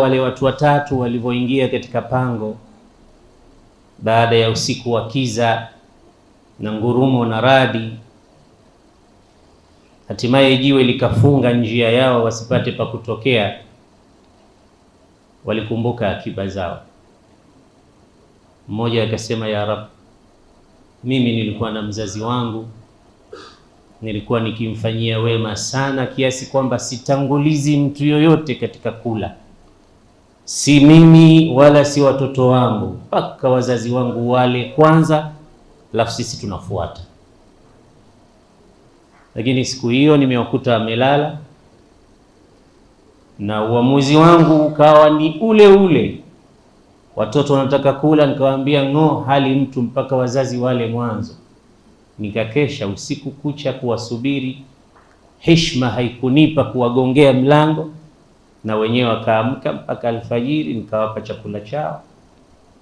Wale watu watatu walivyoingia katika pango baada ya usiku wa kiza na ngurumo na radi, hatimaye jiwe likafunga njia yao wasipate pa kutokea. Walikumbuka akiba zao. Mmoja akasema, ya Rab, mimi nilikuwa na mzazi wangu, nilikuwa nikimfanyia wema sana kiasi kwamba sitangulizi mtu yoyote katika kula si mimi wala si watoto wangu, mpaka wazazi wangu wale kwanza, alafu sisi tunafuata. Lakini siku hiyo nimewakuta amelala, na uamuzi wangu ukawa ni ule ule. Watoto wanataka kula, nikawaambia ng'o hali mtu mpaka wazazi wale mwanzo. Nikakesha usiku kucha kuwasubiri, heshima haikunipa kuwagongea mlango na wenyewe wakaamka mpaka alfajiri, nikawapa chakula chao,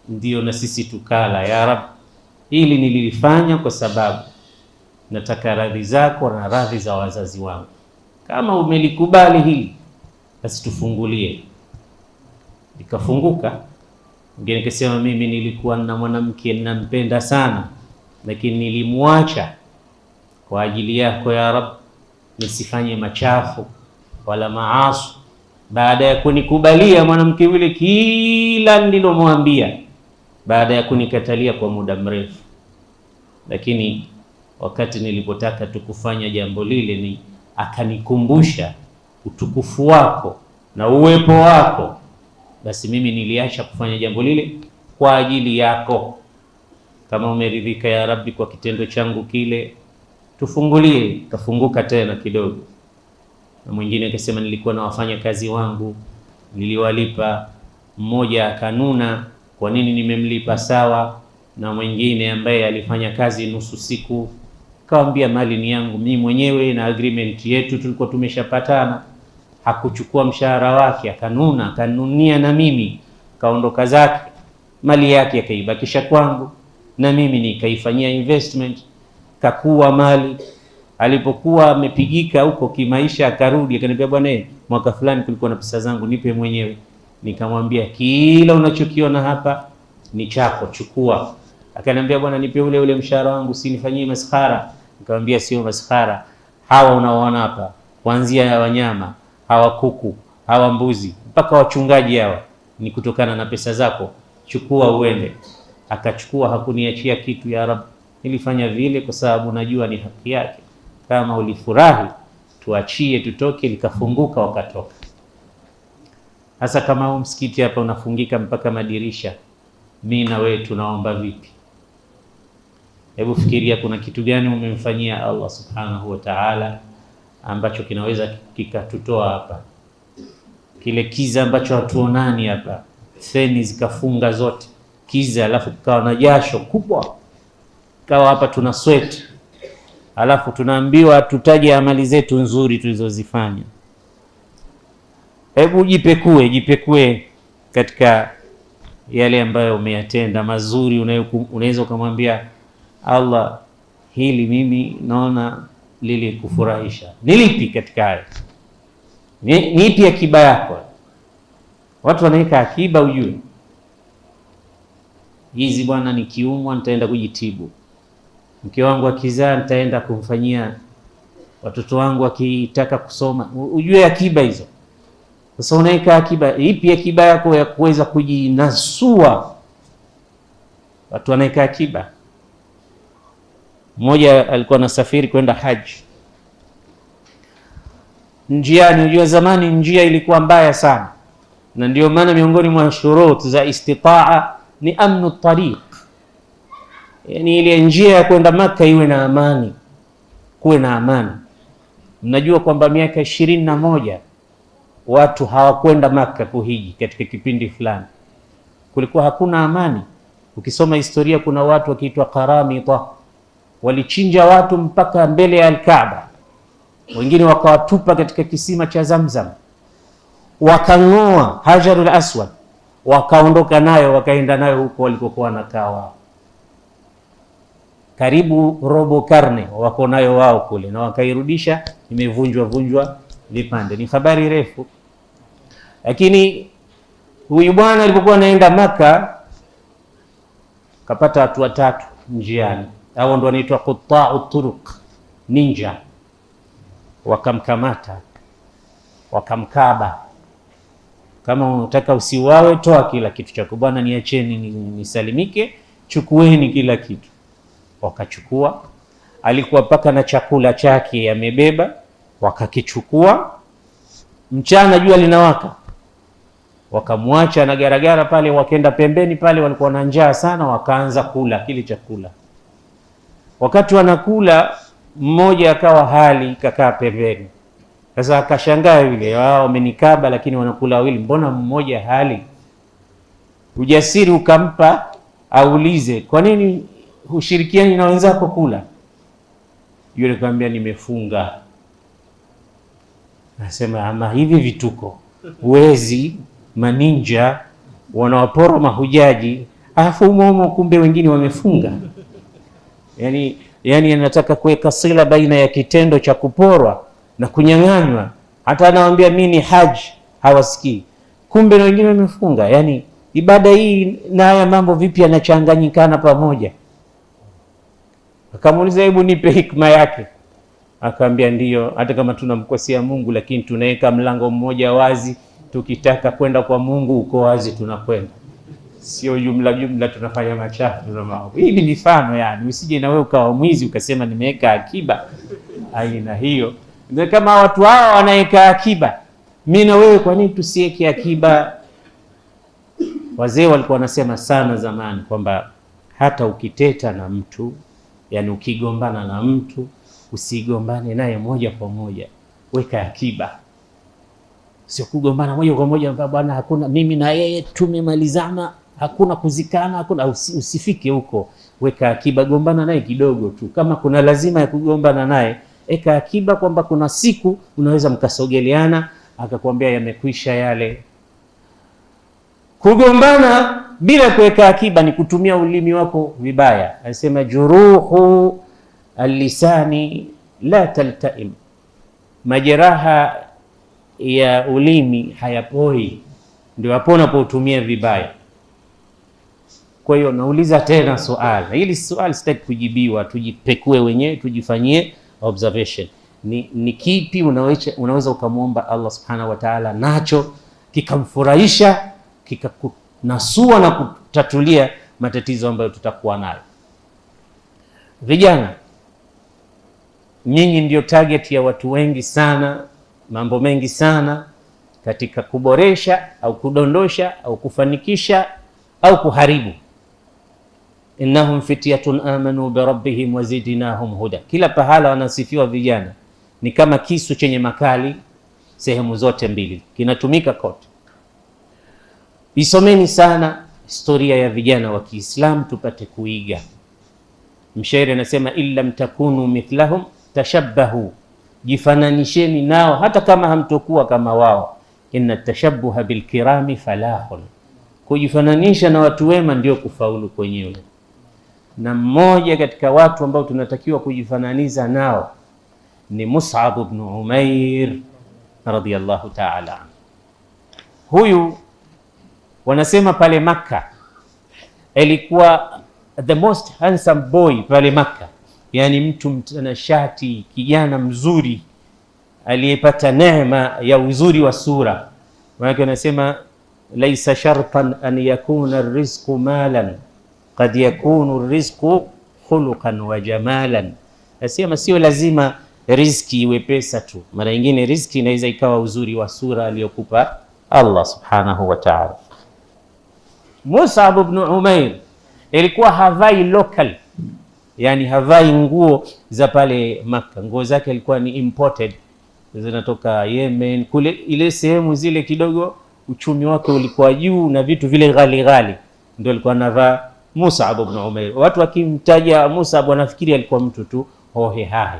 ndio na sisi tukala. Ya Rab, hili nililifanya kwa sababu nataka radhi zako na radhi za wazazi wangu. Kama umelikubali hili, basi tufungulie. Nikafunguka. mgeni nikasema, mimi nilikuwa na mwanamke ninampenda sana, lakini nilimwacha kwa ajili yako ya Rab, nisifanye machafu wala maasu baada ya kunikubalia mwanamke yule kila nilomwambia, baada ya kunikatalia kwa muda mrefu. Lakini wakati nilipotaka tu kufanya jambo lile, ni akanikumbusha utukufu wako na uwepo wako, basi mimi niliacha kufanya jambo lile kwa ajili yako. Kama umeridhika ya Rabbi kwa kitendo changu kile, tufungulie. Kafunguka tena kidogo mwingine akasema nilikuwa na kazi wangu niliwalipa, mmoja akanuna kwa nini nimemlipa sawa, na mwingine ambaye alifanya kazi nusu siku kawambia mali ni yangu mi mwenyewe na agreement yetu tulikuwa tumeshapatana. Hakuchukua mshahara wake, akanuna, akanunia na mimi, kaondoka zake, mali yake akaibakisha kwangu, na mimi nikaifanyia investment, kakuwa mali alipokuwa amepigika huko kimaisha, akarudi akaniambia, bwana, mwaka fulani kulikuwa na pesa zangu, nipe mwenyewe. Nikamwambia kila unachokiona hapa ni chako, chukua. Akaniambia, bwana, nipe ule ule mshahara wangu, usinifanyie maskhara. Nikamwambia sio maskhara, hawa unaoona hapa, kuanzia ya wanyama hawa, kuku hawa, mbuzi mpaka wachungaji hawa, ni kutokana na pesa zako, chukua uende. Akachukua, hakuniachia kitu. Ya Rab, nilifanya vile kwa sababu najua ni haki yake kama ulifurahi, tuachie tutoke, likafunguka wakatoka. Hasa kama huu msikiti hapa unafungika mpaka madirisha, mi na wewe tunaomba vipi? Hebu fikiria, kuna kitu gani umemfanyia Allah subhanahu wa ta'ala ambacho kinaweza kikatutoa hapa, kile kiza ambacho hatuonani hapa, feni zikafunga zote kiza, alafu kukawa na jasho kubwa, kawa hapa tuna sweti alafu tunaambiwa tutaje amali zetu nzuri tulizozifanya. Hebu jipekue, jipekue katika yale ambayo umeyatenda mazuri, unaweza ukamwambia Allah, hili mimi naona lilikufurahisha. Ni lipi katika haya? Ni ipi akiba yako? Watu wanaweka akiba, ujue hizi bwana, nikiumwa nitaenda kujitibu mke wangu akizaa nitaenda kumfanyia, watoto wangu akitaka kusoma. Ujue akiba hizo. Sasa unaweka akiba ipi? Akiba yako ya kuweza kujinasua. Watu wanaweka akiba. Mmoja alikuwa anasafiri kwenda haji, njiani, ujue zamani njia ilikuwa mbaya sana, na ndio maana miongoni mwa shurut za istitaa ni amnu tariq yani ile njia ya kwenda Maka iwe na amani, kuwe na amani. Mnajua kwamba miaka ishirini na moja watu hawakwenda Maka kuhiji katika kipindi fulani, kulikuwa hakuna amani. Ukisoma historia, kuna watu wakiitwa Karamita walichinja watu mpaka mbele ya Alkaaba, wengine wakawatupa katika kisima cha Zamzam, wakang'oa hajarul aswad, wakaondoka nayo, wakaenda nayo huko walikokuwa wanakaa wao karibu robo karne wako nayo wao kule, na wakairudisha imevunjwa vunjwa vipande. Ni habari refu, lakini huyu bwana alipokuwa anaenda Maka kapata watu watatu njiani, hao ndo wanaitwa quttaa turuq, ninja. Wakamkamata, wakamkaba, kama unataka usiwawe, toa kila kitu chako. Bwana niacheni nisalimike, chukueni kila kitu wakachukua. Alikuwa mpaka na chakula chake amebeba, wakakichukua. Mchana jua linawaka, wakamwacha na garagara pale, wakenda pembeni pale, walikuwa na njaa sana, wakaanza kula kile chakula. Wakati wanakula, mmoja akawa hali kakaa pembeni. Sasa akashangaa yule, wao wamenikaba, lakini wanakula wawili, mbona mmoja hali? Ujasiri ukampa aulize, kwa nini hushirikiani na wenzako kula. Yule kaambia nimefunga. Nasema ama hivi vituko, wezi, maninja wanawapora mahujaji, alafu umoumo kumbe wengine wamefunga. Yani, yani anataka kuweka sila baina ya kitendo cha kuporwa na kunyang'anywa. Hata anawaambia mimi ni haji, hawasikii, kumbe na wengine wamefunga. Yani ibada hii na haya mambo vipi yanachanganyikana pamoja? Akamuuliza, hebu nipe hikma yake. Akaambia ndiyo, hata kama tunamkosea Mungu lakini tunaweka mlango mmoja wazi, tukitaka kwenda kwa Mungu uko wazi, tunakwenda sio jumla jumla, tunafanya machafu, tuna maovu. Hii ni mifano yani, usije na wewe ukawa mwizi ukasema nimeweka akiba aina hiyo. kama watu hao wanaweka akiba, mimi na wewe, kwa nini tusiweke akiba? Wazee walikuwa wanasema sana zamani kwamba hata ukiteta na mtu Yaani ukigombana na mtu usigombane naye moja kwa moja, weka akiba. Sio kugombana moja kwa moja, bwana, hakuna mimi na yeye tumemalizana, hakuna kuzikana, hakuna usifike huko. Weka akiba, gombana naye kidogo tu, kama kuna lazima ya kugombana naye eka akiba, kwamba kuna siku unaweza mkasogeleana, akakwambia yamekwisha yale kugombana bila kuweka akiba ni kutumia ulimi wako vibaya. Anasema juruhu alisani la taltaim, majeraha ya ulimi hayapoi, ndio hapo unapotumia vibaya. Kwa hiyo nauliza tena swali hili, swali sitaki kujibiwa, tujipekue wenyewe, tujifanyie observation. Ni, ni kipi unaweza ukamwomba Allah subhanahu wa ta'ala nacho kikamfurahisha kika nasua na kutatulia matatizo ambayo tutakuwa nayo. Vijana, nyinyi ndio target ya watu wengi sana, mambo mengi sana katika kuboresha au kudondosha au kufanikisha au kuharibu. Innahum fityatun amanu birabbihim wazidnahum huda. Kila pahala wanasifiwa vijana, ni kama kisu chenye makali, sehemu zote mbili kinatumika kote. Isomeni sana historia ya vijana wa Kiislamu tupate kuiga. Mshairi anasema in takunu mithlahum tashabbahu, jifananisheni nao hata kama hamtokuwa kama wao. Inna tashabbuha bilkirami falahun, kujifananisha na watu wema ndio kufaulu kwenyewe. Na mmoja katika watu ambao tunatakiwa kujifananiza nao ni Mus'ab ibn Umair radiyallahu ta'ala Huyu Wanasema pale Makka alikuwa the most handsome boy pale Makka, yani mtu mtanashati, kijana mzuri aliyepata neema ya uzuri wa sura. manake wanasema laisa shartan an yakuna rizqu malan kad yakunu rizqu khuluqan wa jamalan, nasema sio lazima riziki iwe pesa tu, mara nyingine riziki inaweza ikawa uzuri wa sura aliyokupa Allah subhanahu wa ta'ala. Musab ibn Umair ilikuwa havai local, yani havai nguo za pale Makka. Nguo zake ilikuwa ni imported, zinatoka Yemen kule, ile sehemu zile kidogo uchumi wake ulikuwa juu na vitu vile ghali ghali, ndio alikuwa anavaa Musab ibn Umair. Watu wakimtaja Musab wanafikiri alikuwa mtu tu hohe hahe.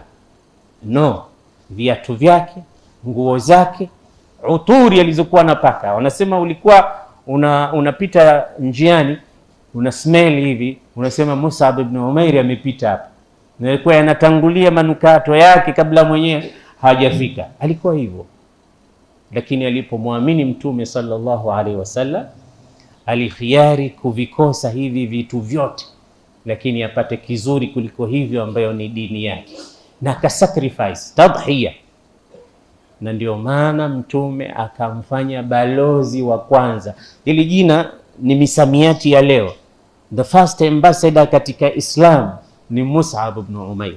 No, viatu vyake, nguo zake, uturi alizokuwa napaka, wanasema ulikuwa una unapita njiani una smell hivi, unasema Mus'ab ibn Umair amepita hapa, nilikuwa yanatangulia manukato yake kabla mwenyewe hajafika. Alikuwa hivyo, lakini alipomwamini Mtume sallallahu alaihi wasallam alikhiari kuvikosa hivi vitu vyote, lakini apate kizuri kuliko hivyo ambayo ni dini yake, na kasacrifice tadhiya na ndio maana Mtume akamfanya balozi wa kwanza. Hili jina ni misamiati ya leo. The first ambassador katika Islam ni Mus'ab ibn Umair.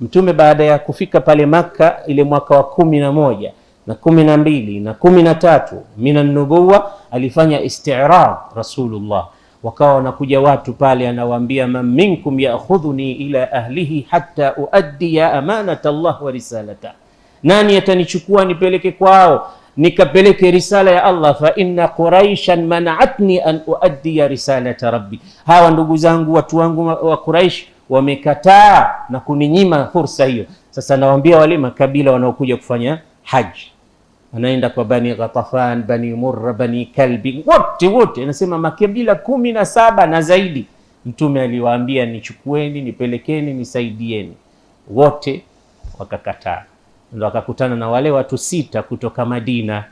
Mtume baada ya kufika pale Makka ile mwaka wa kumi na moja na kumi na mbili na kumi na tatu minan nubuwa alifanya istirab Rasulullah, wakawa wanakuja watu pale, anawaambia man minkum ya'khudhuni ila ahlihi hatta uaddi ya amanata Allah wa risalata nani atanichukua nipeleke kwao nikapeleke risala ya Allah, fa inna quraishan manaatni an uaddiya risalata rabbi, hawa ndugu zangu watu wangu wa Quraish wamekataa na kuninyima fursa hiyo. Sasa nawaambia wale makabila wanaokuja kufanya haji, anaenda kwa Bani Ghatafan, Bani Murra, Bani Kalbi, wote wote, anasema makabila kumi na saba na zaidi. Mtume aliwaambia nichukueni, nipelekeni, nisaidieni, wote wakakataa ndo akakutana na wale watu sita kutoka Madina,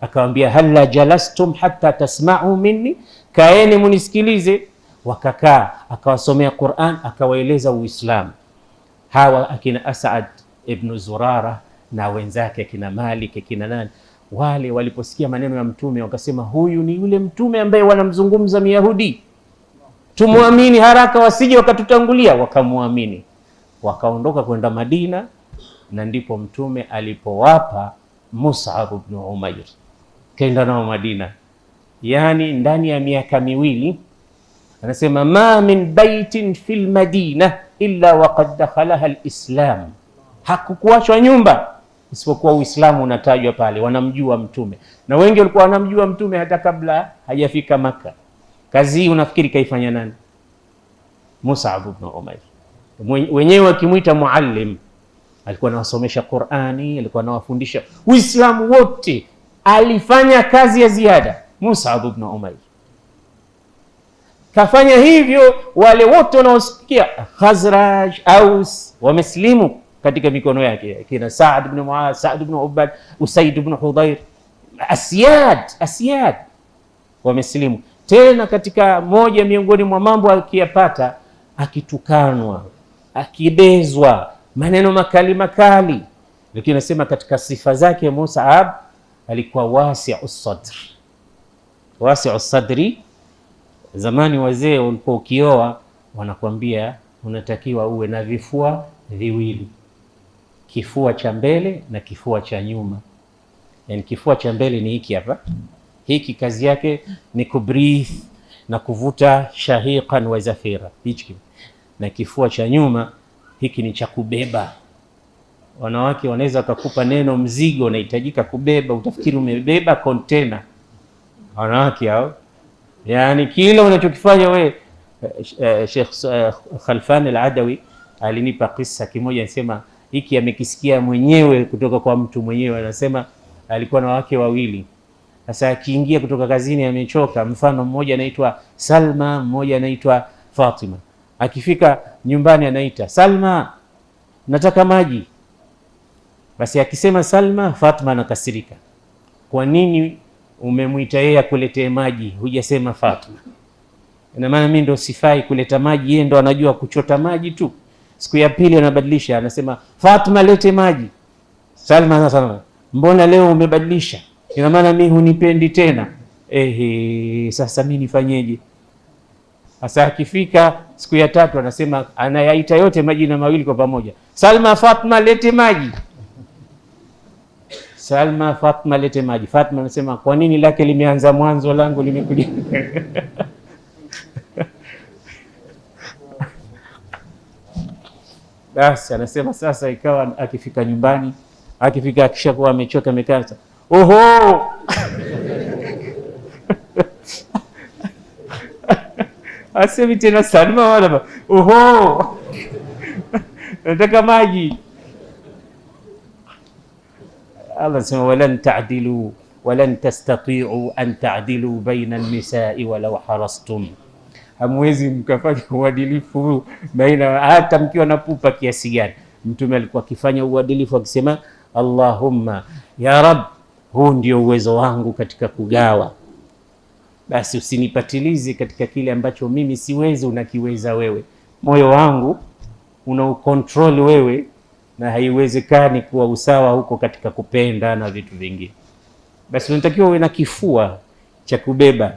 akawambia hala jalastum hatta tasma'u minni, kaeni munisikilize. Wakakaa, akawasomea Qur'an, akawaeleza Uislamu. Hawa akina Asad ibn Zurara na wenzake akina Malik akina nani wale waliposikia maneno ya Mtume wakasema, huyu ni yule Mtume ambaye wanamzungumza Myahudi, tumwamini haraka, wasije wakatutangulia. Wakamwamini, wakaondoka kwenda Madina na ndipo mtume alipowapa Mus'ab ibn Umair, kaenda nao Madina, yani ndani ya miaka miwili. Anasema ma min baitin fil madina illa waqad dakhalaha lislam hakukuachwa nyumba isipokuwa Uislamu unatajwa pale, wanamjua mtume na wengi walikuwa wanamjua mtume hata kabla hajafika Maka. Kazi hii unafikiri kaifanya nani? Mus'ab ibn Umair, wenyewe wakimwita muallim alikuwa anawasomesha Qur'ani, alikuwa anawafundisha Uislamu wote, alifanya kazi ya ziada. Mus'ab ibn Umair kafanya hivyo. Wale wote wanaosikia Khazraj, Aus wameslimu katika mikono yake, kina Saad ibn Muaz, Saad ibn Ubad, Usaid ibn Hudhair, Asyad, Asyad wameslimu. Tena katika moja miongoni mwa mambo akiyapata, akitukanwa, akibezwa maneno makali makali, lakini nasema katika sifa zake Mus'ab alikuwa wasi'u sadr, wasi'u sadri. Zamani wazee walikuwa ukioa wanakwambia unatakiwa uwe na vifua viwili, kifua cha mbele na kifua cha nyuma. Yani kifua cha mbele ni hiki hapa, hiki kazi yake ni kubrith na kuvuta shahiqan wa zafira, hichi na kifua cha nyuma hiki ni cha kubeba. Wanawake wanaweza wakakupa neno mzigo, unahitajika kubeba, utafikiri umebeba kontena. Wanawake hao, yani kila unachokifanya we. Eh, eh, Sheikh eh, Khalfan al-Adawi alinipa kisa kimoja, anasema hiki amekisikia mwenyewe kutoka kwa mtu mwenyewe. Anasema alikuwa na wake wawili. Sasa akiingia kutoka kazini amechoka, mfano mmoja anaitwa Salma, mmoja anaitwa Fatima, akifika nyumbani anaita Salma, nataka maji. Basi akisema Salma, Fatma anakasirika, kwa nini umemwita yeye akuletee maji, hujasema Fatma? Ina maana mimi ndo sifai kuleta maji, yeye ndo anajua kuchota maji tu. Siku ya pili anabadilisha, anasema Fatma, lete maji. Salma anasema mbona leo umebadilisha? Ina maana mimi hunipendi tena. Ehe, sasa mimi nifanyeje? Sasa akifika siku ya tatu, anasema anayaita yote majina mawili kwa pamoja, Salma, Fatma, lete maji. Salma, Fatma, lete maji. Fatma anasema kwa nini lake limeanza mwanzo, langu limekuja Basi anasema sasa, ikawa akifika nyumbani, akifika akishakuwa amechoka, amekaa oho Asemi tena Salma wala ba. Oho. Nataka maji. Allah sema walan ta'dilu walan tastati'u an ta'dilu baina an-nisa'i walau harastum. Hamwezi mkafanya uadilifu baina hata mkiwa na pupa kiasi gani. Mtume alikuwa akifanya uadilifu akisema Allahumma ya Rab, huu ndio uwezo wangu katika kugawa basi usinipatilize katika kile ambacho mimi siwezi unakiweza wewe. Moyo wangu una unaukontrol wewe, na haiwezekani kuwa usawa huko katika kupenda na vitu vingine. Basi unatakiwa uwe na kifua cha kubeba.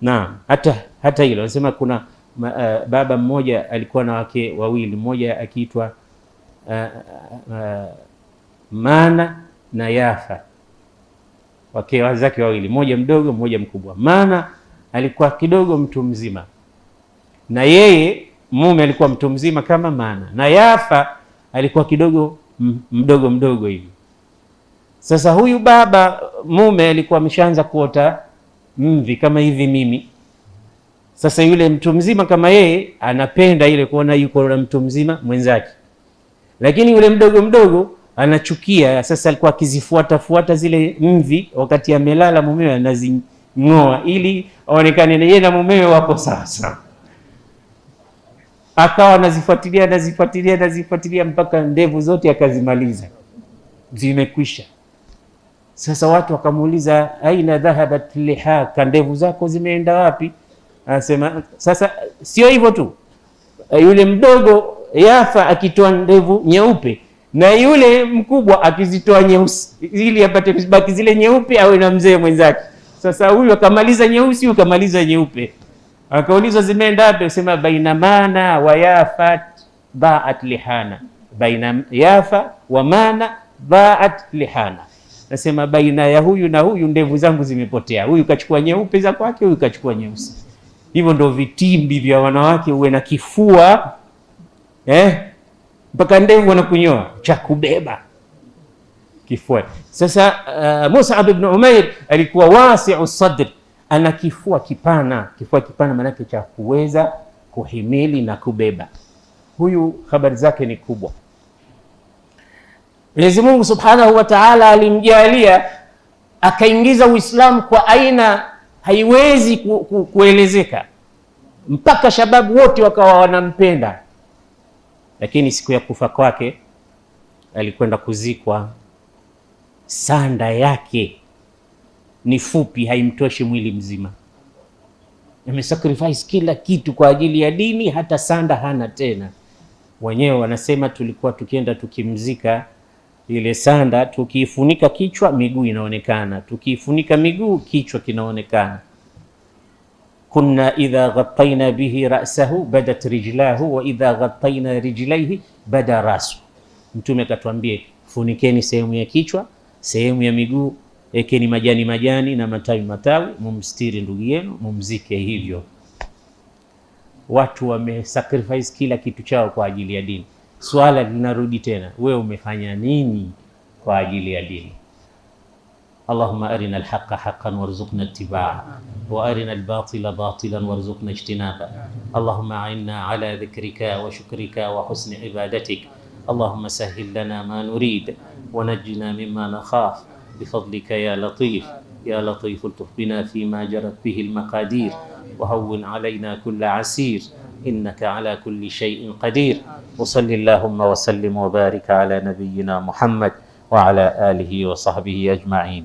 na hata hata hilo anasema kuna ma, uh, baba mmoja alikuwa na wake wawili, mmoja akiitwa uh, uh, Mana na Yafa wake wazake wawili, mmoja mdogo, mmoja mkubwa, maana alikuwa kidogo mtu mzima, na yeye mume alikuwa mtu mzima kama Mana, na Yafa alikuwa kidogo mdogo mdogo hivi. Sasa huyu baba mume alikuwa ameshaanza kuota mvi kama hivi mimi. Sasa yule mtu mzima kama yeye anapenda ile kuona yuko na mtu mzima mwenzake, lakini yule mdogo mdogo anachukia. Sasa alikuwa akizifuatafuata zile mvi, wakati amelala mumewe anazing'oa ili aonekane yeye na mumewe wako sasa Akawa anazifuatilia anazifuatilia anazifuatilia mpaka ndevu zote akazimaliza, zimekwisha. Sasa watu wakamuuliza, aina dhahabat lihaka, ndevu zako zimeenda wapi? Anasema sasa, sio hivyo tu, yule mdogo Yafa akitoa ndevu nyeupe na yule mkubwa akizitoa nyeusi ili apate baki zile nyeupe, awe na mzee mwenzake. Sasa huyu akamaliza nyeusi, huyu akamaliza nyeupe, akaulizwa zimeenda wapi? Sema baina mana wa yafat baat lihana, baina yafa wa mana baat lihana. Nasema baina ya huyu na huyu ndevu zangu zimepotea, huyu kachukua nyeupe za kwake, huyu kachukua nyeusi. Hivyo ndo vitimbi vya wanawake, uwe na kifua eh mpaka ndevu wanakunyoa cha kubeba kifua. Sasa uh, Mus'ab ibn Umair alikuwa wasi'u sadr, ana kifua kipana. Kifua kipana maanake cha kuweza kuhimili na kubeba. Huyu habari zake ni kubwa. Mwenyezi Mungu Subhanahu wa Ta'ala alimjalia akaingiza Uislamu kwa aina haiwezi ku, ku, kuelezeka mpaka shababu wote wakawa wanampenda lakini siku ya kufa kwake alikwenda kuzikwa, sanda yake ni fupi, haimtoshi mwili mzima. Amesacrifice kila kitu kwa ajili ya dini, hata sanda hana tena. Wenyewe wanasema tulikuwa tukienda tukimzika, ile sanda tukiifunika kichwa, miguu inaonekana, tukiifunika miguu, kichwa kinaonekana kunna idha ghattayna bihi ra'sahu badat rijlahu wa idha ghattayna rijlaihi bada rasu. Mtume katuambie funikeni sehemu ya kichwa, sehemu ya miguu, ekeni majani majani na matawi matawi, mumstiri ndugu yenu, mumzike hivyo. Watu wamesacrifice kila kitu chao kwa ajili ya dini. Swala linarudi tena, wewe umefanya nini kwa ajili ya dini? اللهم أرنا الحق حقا وارزقنا اتباعه وأرنا الباطل باطلا وارزقنا اجتنابه اللهم أعنا على ذكرك وشكرك وحسن عبادتك اللهم سهل لنا ما نريد ونجنا مما نخاف بفضلك يا لطيف يا لطيف الطف بنا فيما جرت به المقادير وهون علينا كل عسير إنك على كل شيء قدير وصل اللهم وسلم وبارك على نبينا محمد وعلى آله وصحبه أجمعين